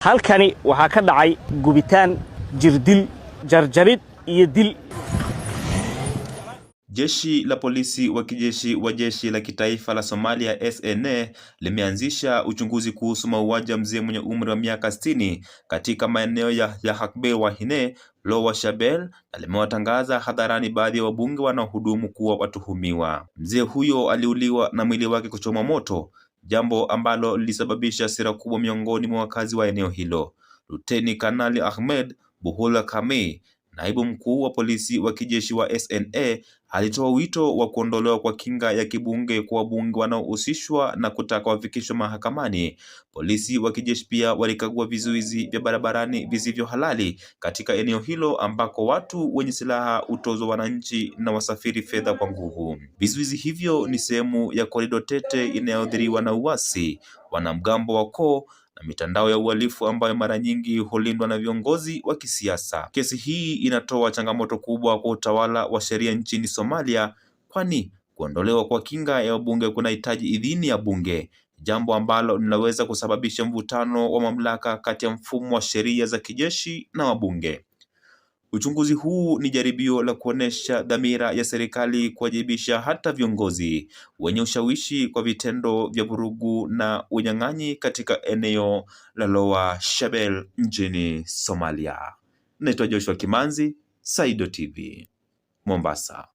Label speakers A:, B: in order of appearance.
A: halkani waxaa ka dhacay gubitaan jirdil jarjarid iyo dil.
B: Jeshi la polisi wa kijeshi wa jeshi la kitaifa la Somalia SNA limeanzisha uchunguzi kuhusu mauaji ya mzee mwenye umri wa miaka 60 katika maeneo ya Yahakbe Wahine, Lowa Shabel na limewatangaza hadharani baadhi ya wabunge wanaohudumu kuwa watuhumiwa. Mzee huyo aliuliwa na mwili wake kuchomwa moto jambo ambalo lilisababisha hasira kubwa miongoni mwa wakazi wa eneo hilo. Luteni Kanali Ahmed Buhula kamei Naibu mkuu wa polisi wa kijeshi wa SNA alitoa wito wa kuondolewa kwa kinga ya kibunge kwa wabunge wanaohusishwa na kutaka wafikishwe mahakamani. Polisi wa kijeshi pia walikagua vizuizi vya barabarani visivyo halali katika eneo hilo ambako watu wenye silaha hutozwa wananchi na wasafiri fedha kwa nguvu. Vizuizi hivyo ni sehemu ya korido tete inayoathiriwa na uasi. Wanamgambo wa koo na mitandao ya uhalifu ambayo mara nyingi hulindwa na viongozi wa kisiasa. Kesi hii inatoa changamoto kubwa kwa utawala wa sheria nchini Somalia, kwani kuondolewa kwa kinga ya wabunge kunahitaji idhini ya bunge, jambo ambalo linaweza kusababisha mvutano wa mamlaka kati ya mfumo wa sheria za kijeshi na wabunge. Uchunguzi huu ni jaribio la kuonesha dhamira ya serikali kuwajibisha hata viongozi wenye ushawishi kwa vitendo vya vurugu na unyang'anyi katika eneo la Lower Shabelle nchini Somalia. Naitwa Joshua Kimanzi, Saido TV, Mombasa.